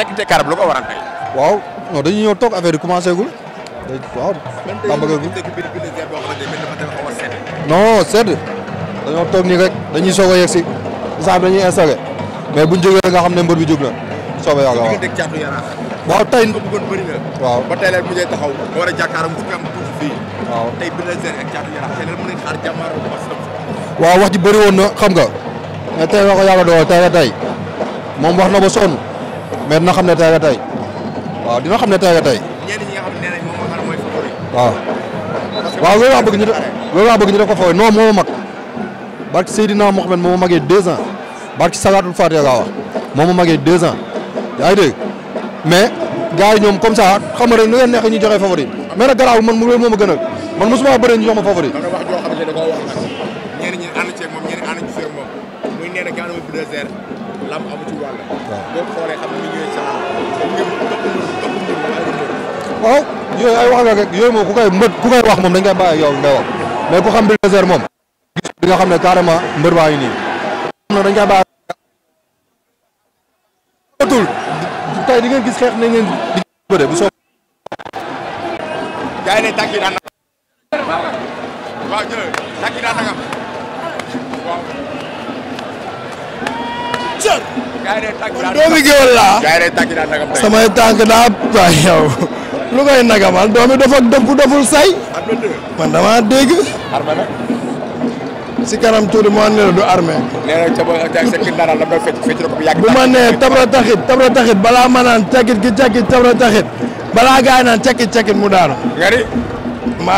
tekkite karab lu ko waral tey. waaw non dañuy ñëw toog affaire yi commencé gul. waaw. tàmbaleegul non sedd. dañoo toog nii rek dañuy soo a yegg si. saab dañuy installé. mais buñ jógee nga xam ne mbër bi jóg na. soobee yàlla waaw ba tey waaw wax ji bëri woon na xam nga mais tey ko yàlla doon tey tey moom wax na ba sonn mais dina xam ne tey nga tey waaw dina xam ne tey nga tey. waaw waaw loolu laa bëgg ñu def loolu laa bëgg ñu def ko favori non moo ma mag barki Seydina Mohamed moo ma magee deux ans barki Salaatul Faatiha laa wax moo ma magee deux ans yaa ngi dégg mais gars yi ñoom comme ça xam nga rek nu ngeen neexee ñu joxe favori mais nag garaaw man loolu moo ma gënal man mosuma bëre ñu jox ma favori. yooyu ay wax la rek yooyu moom ku koy mbër ku koy wax moom dañ koy bàyyi yow ngay wax mais ku xam Bulldozer moom gis di nga xam ne carrément mbër baa ngi nii xam dañ koy bàyyi atul tey di ngeen gis xeex na nagam nagam nagam lu koy nagamal doomi dafa def ku deful say. man dama dégg. armé si kanam tuuti moo ne du armé. nee na ca ba la fecc fecc na ko bu yàgg. bu ma nee tabra taxit tabra taxit balaa ma naan cakit cakit balaa gaay naan cakit cakit mu daanu. nga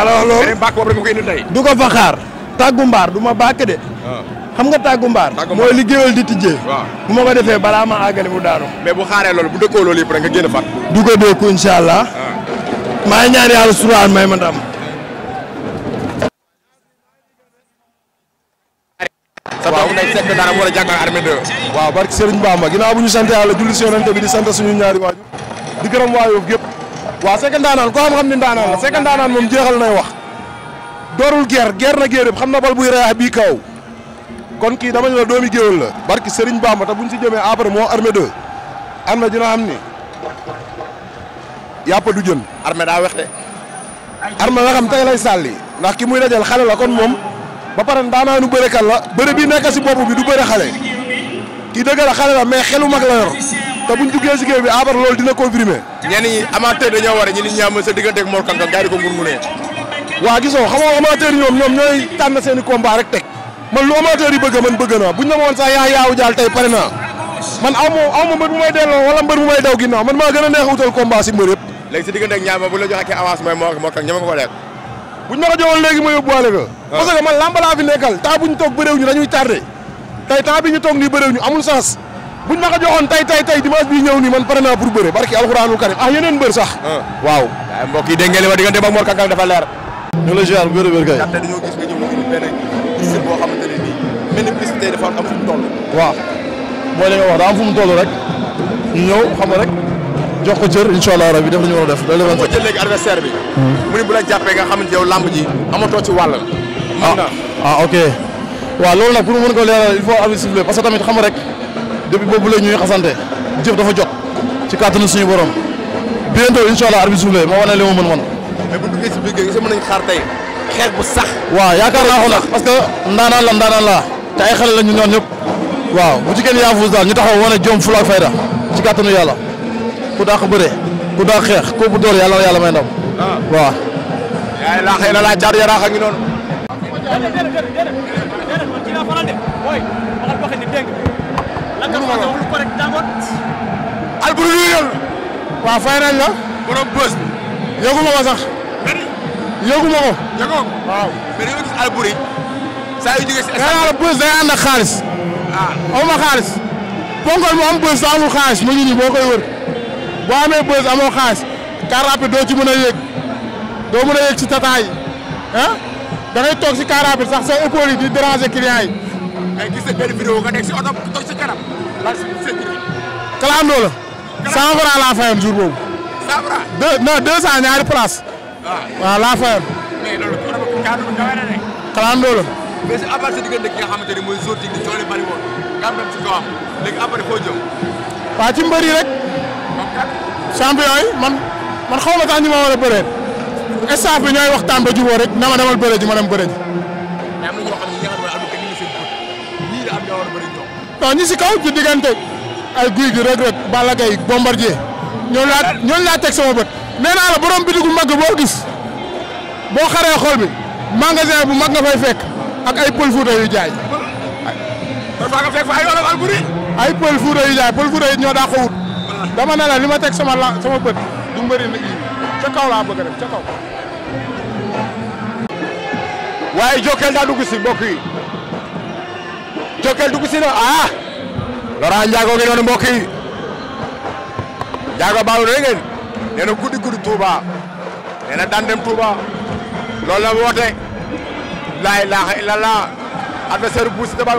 la wax loolu beneen bàq tey. du ko fa xaar. tàggu mbaar du ma bàq de. Ah. xam nga tàggu mbaar. mooy li géwél di tijjee. bu ma ko defee bala ma àggali mu daanu. mais bu xaaree loolu bu dëkkoo rek nga génn fat. du maa ngi ñaan yàlla suraal may ma ndam. sa doom day sekk dara a jàngal armée 2. waaw barki Serigne gi ginnaaw bu ñu sant yàlla julli si yonente bi di sant suñu ñaari waajur di gërëm waa Yoff gépp waaw Seck ndaanaan ko am xam ni ndaanaan la Seck ndaanaan moom jeexal nay wax doorul geer geer na géer xam na bal buy reyax bii kaw kon kii dama ne la doomi géwél la barki Serigne Bamba te buñ si jëmee après moo armée 2 am na dina am ni yàpp du jën. armé daa wex de. armé waxam tey lay sàlli ndax ki muy dajal xale la kon moom ba pare daanaa nu bëre kan la bëre bi nekk si bopp bi du bëre xale kii dëgg la xale la mais xelu mag la yor te buñ duggee si géew bi abar loolu dina confirmer. ñenn ñi amateur dañoo war a ñu ne ñaama sa digganteeg Mor Kang Kang gars yi ko mën waa gisoo xam nga amateur yi ñoom ñoom ñooy tànn seen i combat rek teg man lu amateur yi bëgg man bëgg naa buñ la ma woon sax yaa yaawu jaal tey pare naa man aw ma aw ma mbër mu may delloo wala mbër mu may daw ginnaaw man maa gën a neex utal combat si mbër yëpp léegi si diggante ak ñaar bu la joxee avance mooy moo moo ak ñama ko ko lekk buñ ma ko joxoon léegi ma yóbbuwaale ko ah. parce que man làmb laa fi nekkal temps bu ñu toog bëréew ñu dañuy tardé tey temps bi ñu toog nii bëréew ñu amul sens buñ ma ko joxoon tey tey tey dimanche bi ñëw nii man pare naa pour bëre barki alxuraanul karim ah yeneen mbër sax ah. waaw waaye mbokk yi dégg ngeen li ma ba Mor Kankang dafa leer ñu la ziar bu wér kay ndaxte dañoo gis nga ñëw mu ngi benn gis boo xamante ne nii publicité dafa am fu mu waaw mooy li wax daa am fu mu toll rek ñu xam rek jox ko cër incha allah rabi def nañu war a def. loolu la moo jël léegi adversaire bi. Hmm. mu ne bu la jàppee nga xamante yow làmb ji amatoo ci wàll. Ah, mën na ah, waaw loolu nag pour ko leeral il faut xam rek depuis boobu la ñuy xasante jëf dafa jot ci kàttanu suñu borom bientôt incha allah arbitre soufflé ma wane li ma mën man. bu duggee si biir géej gi mën nañu xaar tey xeex bu sax. waaw yaakaar naa ko nag parce que ndaanaan la ndaanaan laa te ay xale la ñu ñoon ñëpp waaw bu ci kenn yaafus daal ñu taxaw wane jom fula ak fayda ci kàttanu yàlla. ku dàq bëre ku dàq xeex ku bu dóor yàlla yàlla may ndam. Ah. waaw. yaa yaraax a ngi noonu. alburu luy yoon. la. borom bës bi. sax. yëgu ma alburu yi. saa yu jógee xaalis. ah xaalis. ponkol mu am bës xaalis mu ngi nii boo wër. boo amee bës amoo xaas car doo ci mën a yëg doo mën a yëg ci tata yi ah da ngay toog si car rapide sax sa épaule yi di déranger client yi. ay gis nga la. cent laa fayoon jour boobu. cent franc deux non deux ñaari place. Ah. waaw laa fayoon. mais loolu kalandoo la. rek. champion yi man man xaw ma sax ñi ma war a bëree staff bi ñooy waxtaan ba jubóo rek na ma demal bëre ji ma dem bëre ji. mais am na ñoo xam ne ñi nga xam ne ñu ngi seen bët ñii da am ñoo war a bëri ñoom. non ñi si kaw ci diggante ay guy gi Reug Reug Balla Gaye Bombardier ñooñu laa ñooñu laa teg sama bët. nee naa la borom bitigu mag boo gis boo xaree xol bi magasin bu mag nga fay fekk ak ay pël fuuta yu jaay. ay pël fuuta yu jaay pël fuuta yi ñoo daa ko wut. dama ne la li ma teg sama la sama bët du mbëri nag yi ca kaw laa bëgg rek ca waaye Jokal daa dugg si mbokk yi na ah Laurent Ndiago ngi noonu mbokk yi Ndiago baalu na ngeen guddi guddi Touba nee na daan dem Touba loolu la woote laa ilaaha illallah adversaire bu si dabal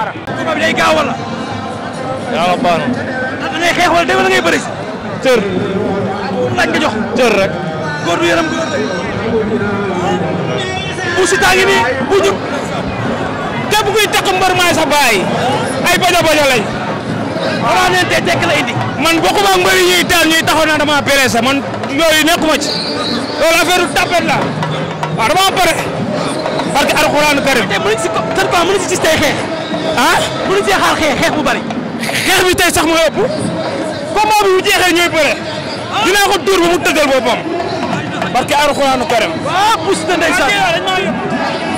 ara. Touba bi day gaaw wala. yàlla ngay xeex la bu si tàngi bu ñu. képp kuy takk mbër maay sa baay ay bajo bajo lañ. xanaa ne tey tekk la indi. man bokkuma ak mbër yi ñuy taal ñuy taxaw naa man yooyu nekkuma ci. loolu affaire du tapet pare. parce que alxuraanu karim. tey mënuñ si ko tey xeex. ah mënuñ see xaar xeex xeex bu bari. xeex bi tey sax mooy ëpp combat bi bu jeexee ñooy bëre dinaa ko dóor ba mu tëggal boppam parce que alxuraanu karim. waaw pousse na ndeysaan.